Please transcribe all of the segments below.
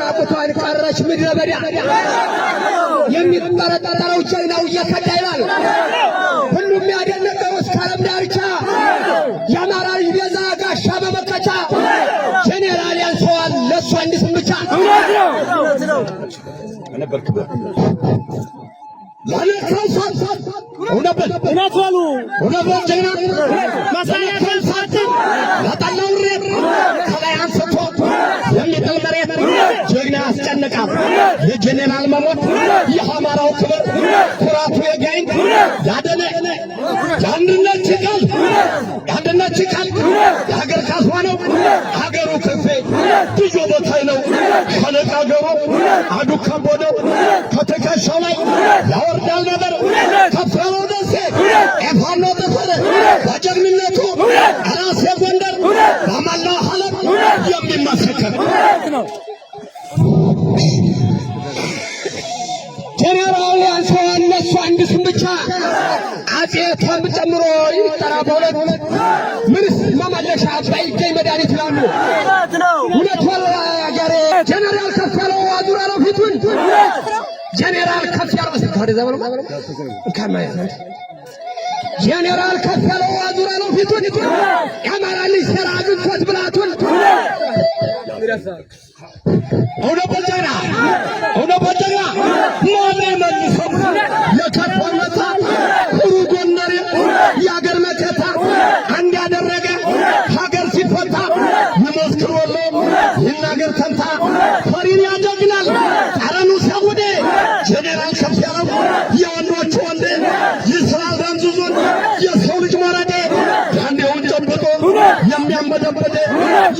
ራቁቷን ቀረች ምድረ በዳ። የሚጠረጠረው ጀግናው እየፈዳ ይላል ሁሉም ያደነቀው እስከ ዓለም ዳርቻ የአማራ ልጅ ቤዛ ጋሻ በመከቻ ጄኔራል ያንሰዋል ለእሱ አንድ ስም ብቻ የሚጥል መሬት ያስጨነቃል። የጀኔራል መሞት፣ የአማራው ክብር፣ ኩራቱ የጋይንት ያደነ የአንድነት ቃል የአንድነት ቃል የሀገር ካስዋ ነው። ሀገሩ ከፌ ልጆ ቦታይ ነው። ሸለቃ ገሮ አዱ ከቦደው ከትከሻው ላይ ያወርዳል ነበር ከፍራለው ደሴ ኤፋኖ ተፈረ በጀግንነቱ ራሴ ጎንደር በመላው ዓለም የሚመሰከር ነው። ጀኔራል ያንሰው እነሱ አንድ ስም ብቻ አጼ ጨምሮ ይጠራ በሁለት ምንስ መመለሻ ባይገኝ መድኃኒት ይላሉ። እውነት ጀኔራል ከፍ ያለው አዙራ ነው ፊቱን ጀኔራል ከፍ ያለው ስካሪ ዘበሉ ጀኔራል ከፍ ያለው አዙራ ነው ፊቱን ልጅ ሰራ ብላቱን እውነተኛ እውነተኛ ማለ መልሶ የከፋመታ ጥሩ ጎንደሬ የአገር መከታ አንድ ያደረገ ሀገር ሲፈታ ይመስክር ወሎ ይናገር ተንታ ፈሪን ያጀግናል ጠረኑ ሰውዴ ጀኔራል ከፍ ያለው የወንዶቹ ወንዴ ይስራል ረምዝዙን የሰው ልጅ ወረዴ ያንዴውን ጨብጦ የሚያንበደበደ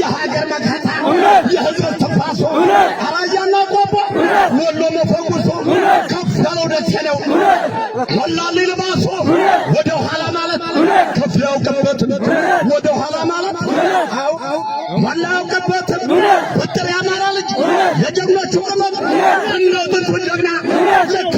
የሀገር መካ የህዝብ ትንፋሶ አራያና ቆቦ ወሎ መፈንጉሶ ከፍ ያለው ደሴ ነው። ወላሊ ልባሶ ወደ ኋላ ማለት ከፍ ያውቅበትም ወደ ኋላ ማለት አው ወላ ያውቅበትም ብጥር ያማራ ልጅ የጀግኖቹ ቅመም እንደ ብንቱ ጀግና ልክ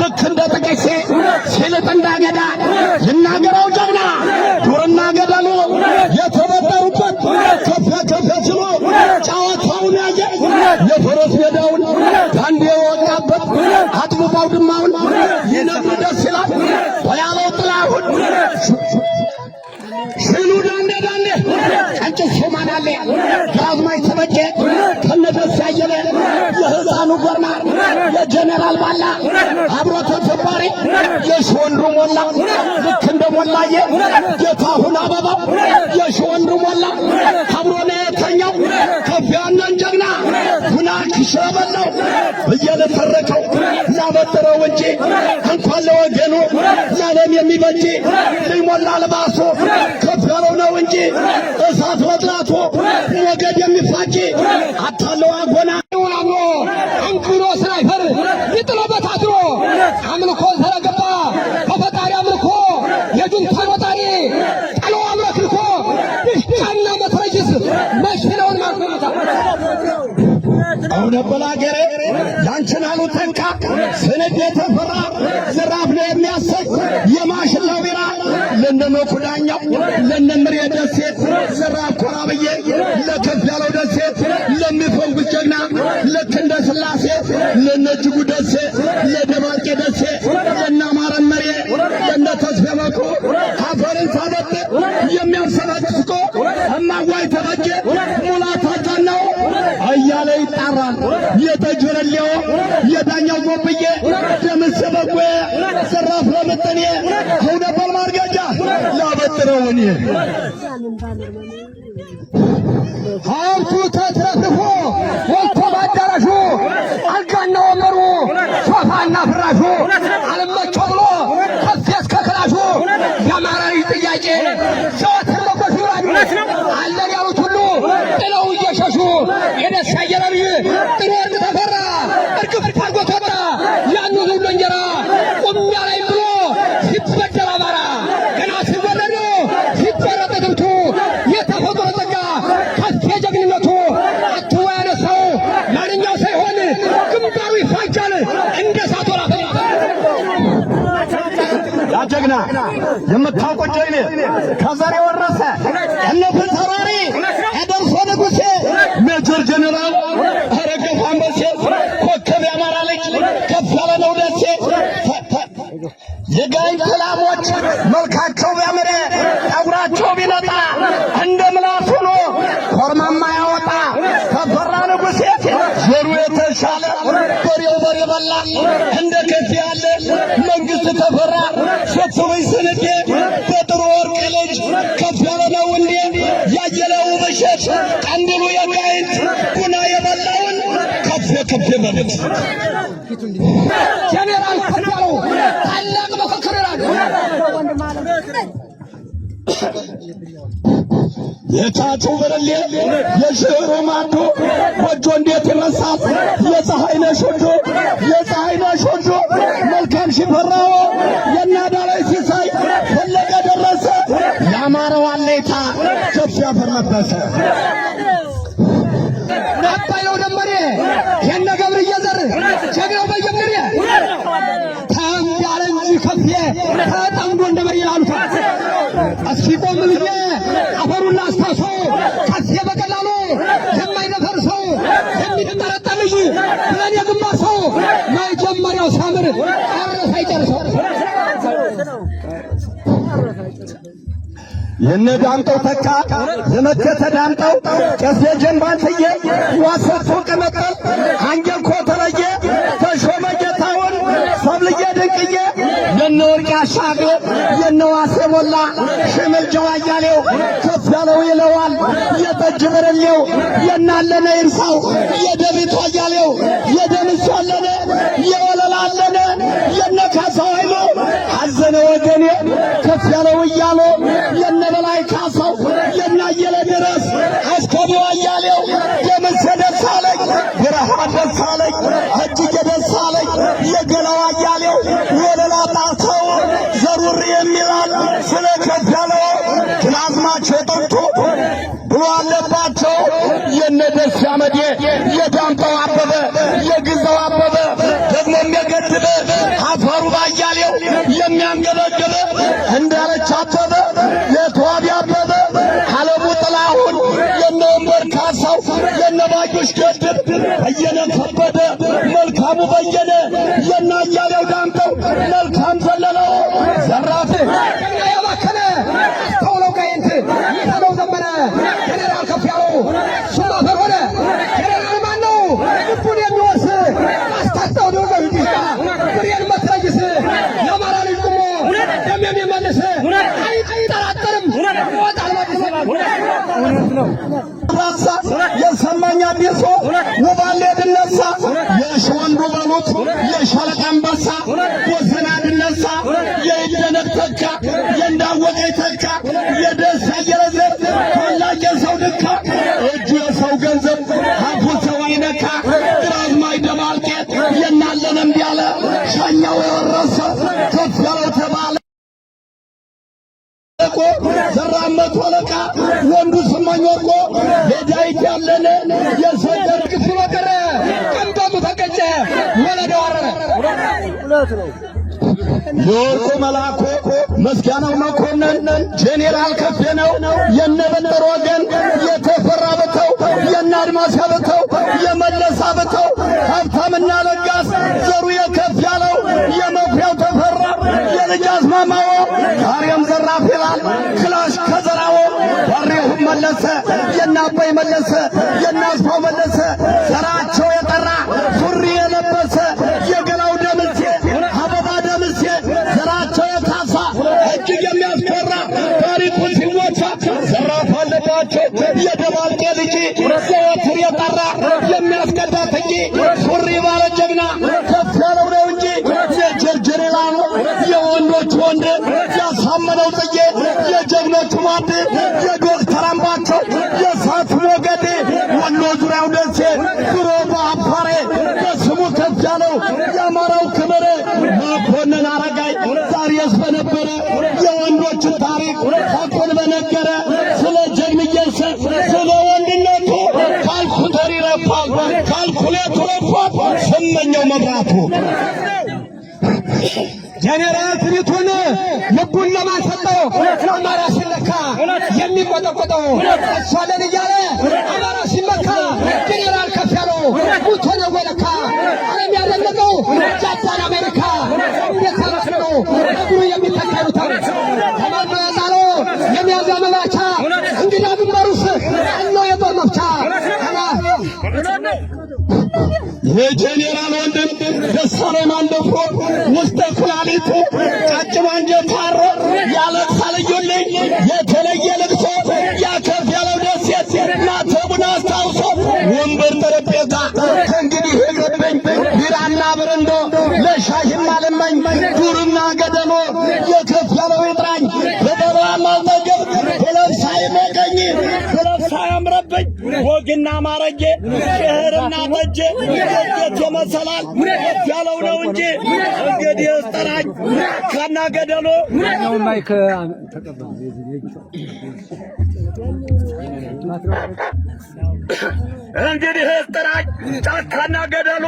ልክ እንደ ጥቂሴ ሲልጥ እንዳገዳ ይናገረው ጀግና ዱርና ገደሉ የተበጠሩበት ከፍ ከፍ ችሎ ጨዋታውን ያየ የፈረስ ሜዳውን ዳንዴ የወጣበት አጥብባው ድማውን ይነግሩ ደስ ይላል በያለው ጥላሁን ስሉ ዳንዴ ዳንዴ ቀንጭ ሶማናሌ ግራዝማች ተበጀ ከነደስ ያየለ የህፃኑ ጎማር፣ የጀኔራል ባላ አብሮቶ ተተባሪ፣ የሽወንዱ ሞላ ልክ እንደ ሞላዬ ጌታሁን አበባው፣ የሽወንዱ ሞላ አብሮ ነው የተኛው ከፍ ያለን ጀግና ሁናክ ሸበላው እየለተረከው ላበጥረው እንጂ እንኳን ለወገኑ ለዓለም የሚበጅ ሊሞላ ልባሶ ከፍ ያለው ነው እንጂ እሳት መጥላቶ ሞገድ የሚፋጭ አታለው አጎና አሞ አንክሮ ስራ ይፈር ይጥሎ በታትሮ አምልኮ ስለገባ ከፈጣሪ አምልኮ የጁንታን ወጣሪ ጠሎ አምረክልኮ ድሽቃና መትረጅስ መሽለውን ማክመታ ያንችን አልወጠቃ ስንዴ የተፈራ ዝራፍ ላይ የሚያሰግ የማሽላ ቢራ ለነ መኩዳኛው ለነ ምሬ ደሴት ዝራፍ ኮራብዬ ለከፍ ያለው ደሴት ለሚፈውስ ጀግና ልክ እንደ ስላሴ ለነ እጅጉ ደሴ ለደባልቄ ደሴ ለነ አማረ መሬ ለነ ተስፌ መኮ አፈርን ሳበጥ የሚያሰበጭ እማዋይ ተበጀ የተጆለሌው የዳኛው ጎብዬ ደምሰበጎ ሰራፍ ለምጠኔ አሁነ ባልማርጋጃ ላበጥረውን ሀብቱ ተትረፍርፎ ወጥቶ በአዳራሹ አልጋና ወንበሩ ሶፋና ፍራሹ አልመ ጀግና የምታውቁት ጀግኔ ከዘር የወረሰ እነ ፊት ተራሪ አደምሶ ንጉሴ፣ ሜጀር ጀነራል ተረገፍ አንበሴ፣ ኮከብ የአማራ ልጅ ከፍ ያለ ነው ደሴ የጋይንት ክላሞች መልካቸው ቢያምር ጠጉራቸው ቢነጣ እንደ ምላስ ሆኖ ኮርማማ ያወጣ ተፈራ ንጉሴ ዘሩ የተሻለ በሬው በሬ በላ እንደ ከፊ መንግስቱ ተፈራ ሾክሶበኝ ስንዴ ጴጥሮ ወርቅ ልጅ ከፍ ያለ ነው እንዴ ያየለው በሸት ቀንድሉ የጋይንት ጉና የበላውን ከፍ ከፍ በሉት ጀኔራል ከፍ ያለው ታላቅ መፈክር ይላል የቻቹ ብርሌ የሽሩ ማዶ ጎጆ እንዴት ይመሳት የፀሐይ ነሾዶ የፀሐይ ነሾዶ ጀነራል ሽፈራው የናዳላይ ሲሳይ ፈለቀ ደረሰ የአማራው አለይታ ከፍ ያፈርነበሰ አባይነው ደመሬ የነ ገብርዬ ዘር ጀግናው በየምድር ተም እንጂ ከፍ ተጠምዶ እንደመሬ ይላሉታል እስኪ ቆም የነ ዳምጠው ተካ ዘመከተ ዳምጠው ቄስ ጀንባን ትዬ ዋሰቱ ቀመቀል አንጀል ኮተረየ ተሾመ ጌታውን ሰብልዬ ድንቅዬ የነ ወርቅ አሻግሬ የነ ዋሴ ሞላ ሽምል ጀዋ ከፍ ያለው ይለዋል የጠጅ ብርሌው የናለነ ይርሳው የደቢቷ እያሌው የደምሶ አለነ የወለላ አለነ የነ ካሳው አይሎ አዘነ ወገኔ ከፍ ያለው እያሎ ደስ አለኝ፣ እጅጌ ደስ አለኝ፣ አያሌው ወለላ ጣሰው ዘሩር የሚላል ስለ ከፈለው ፕላዝማቸው ጠንቶ ብሎ አለባቸው የነ ደስ ያመዴ የዳምጠው አበበ በየነ ከበደ፣ መልካሙ በየነ፣ የና እያሌው ዳምጠው፣ መልካም ዘለለው፣ ዘራፍ ያባከነ ተውለው፣ ቀይንት ተለው፣ ዘመነ ጀነራል ከፍ ያለው ሱማፈሩ ሞክሮ የሻለቃ አንበሳ ጎሰና ድለሳ የኢደነቅ ተካ የእንዳወቀ ተካ የደሳ የረዘብ ተወላጅ የሰው ድካ እጁ የሰው ገንዘብ ሀፉ ሰው አይነካ ግራዝማች ደማልቄ የናለን እምቢ ሻኛው የወረሰ ከፍ ያለው ተባለ ቆ ዘራመቱ አለቃ ወንዱ ስማኝ ወርቆ የዳዊት ያለነ የሰገድ ክፍል ቀረ ረጨ፣ ወለደው አረረ። የወርቁ መልአኩ መስጋናው መኮንን ጄኔራል ከፌ ነው። የነበንበር ወገን የተፈራ በተው የነ አድማስ በተው የመለሳ በተው ሀብታምና ለጋስ ዘሩ የከፍ ያለው የመኩሪያው ተፈራ የልጅ አስማማው ካሪየም ዘራፍ ይላል ክላሽ ከዘራው ባሬሁም መለሰ የነ አባይ መለሰ የነ አስፋው መለሰ ዘራች በነገረ የወንዶች ታሪክ ሐቁን በነገረ ስለ ጀግንየስ ስለ ወንድነቱ ካልኩተር ይረፋል፣ ካልኩሌቱ ረፋል፣ ስመኛው መብራቱ ጀኔራል ትሪቱን ልቡን ለማሰጠው አማራ ሲለካ የሚቆጠቆጠው እሷ የጄኔራል ወንድም ደሳለማን ደፍሮ ውስተ ኩላሊቱ ቀጭን አንጀቱ ታሮ ያለቅሳልዩልኝ የተለየ ልብሶ ያከፍ ያለው ደሴት ናተቡን አስታውሶ ወንበር ጠረጴዛ ከእንግዲህ የገብኝ ቢራና ብርንዶ ለሻሽና ልመኝ ዱርና ገደሞ የከፍ ያለው ይጥራኝ በጠባ አልጠገብ ብለብሳ መቀኝ ብለብሳ ያምረብኝ ወግና ማረጌ እንጂ እንዴት የመሰላል እውነት ያለው ነው እንጂ እንግዲህ ይስጠራኝ ካናገደሎ ማይክ እንግዲህ ይስጠራኝ ጫካና ገደሎ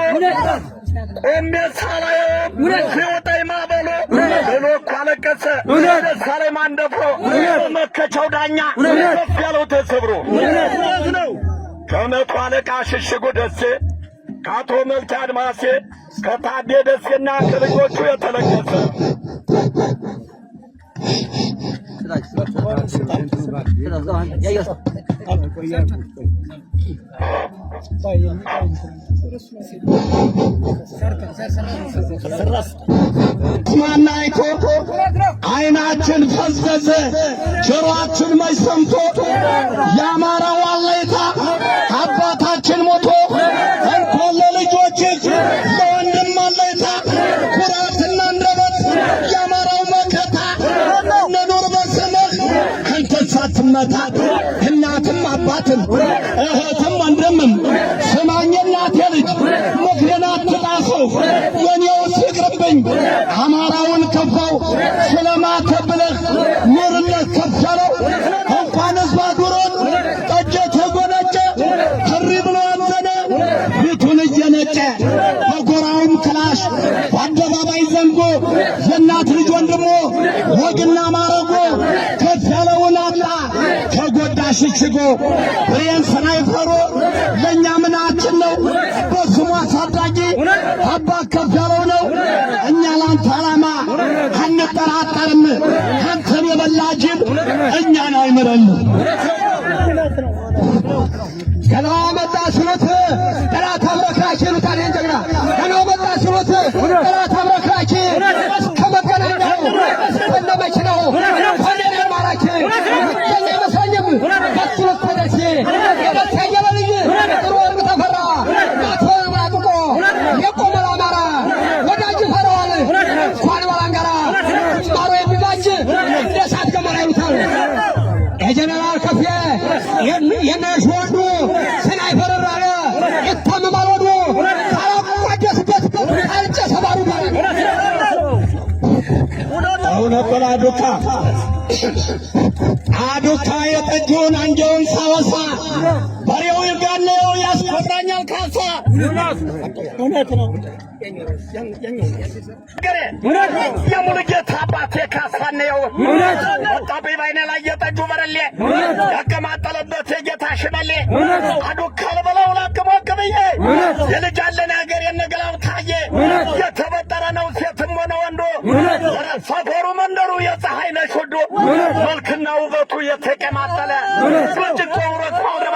እንዴት ሳላየውም ሲወጣኝ ማበሎ ብሎ እኮ አለቀሰ። እንዴት ሳላይ ማንደፍሮ መከቻው ዳኛ ከፍ ያለው ተሰብሮ ነው ከመቶ አለቃ ሽሽጉ ደሴ ከአቶ መልካ አድማሴ ከታዴ ደሴና ከልጆቹ የተለገሰ ስማና አይቶ አይናችን ፈዘዘ፣ ጆሮአችን መች ሰምቶ የአማራው ዋለይታ አባታችን ለወንድማችን ለወንድም ኩራትና አንደበት የአማራው መከታ እንኑር በስምህ አንተን ሳትመታ እናትም አባትም እህትም ወንድምም ስማኝ እናቴ ልጅ ምክንያት አሸሽጎ ፍሬን ስናይፈሩ ለእኛ ምናችን ነው። በስሙ አሳዳጊ አባ ከብዳለው ነው። እኛ ላንተ ዓላማ አንጠራጠርም። አንተን የበላ እኛን አይምረንም። አዱካ አዶካ የጠጁን አንጀውን ሳወሳ በሬ ይሰራኛል ካሳ እውነት ነው። የሙሉጌታ አባቴ ካሳ ነው። ወጣቤ ባይኔ ላይ የጠጁ በረሌ ያቀማጠለበት የጌታ ሽመሌ አዱካል በለው ላቅሞቅብዬ የልጃለን ሀገር የነገላው ታዬ የተበጠረ ነው ሴትም ሆነ ወንዶ ሰፈሩ መንደሩ የፀሐይ ነሽ ወዶ መልክና ውበቱ የተቀማጠለ ጭቆ ውረት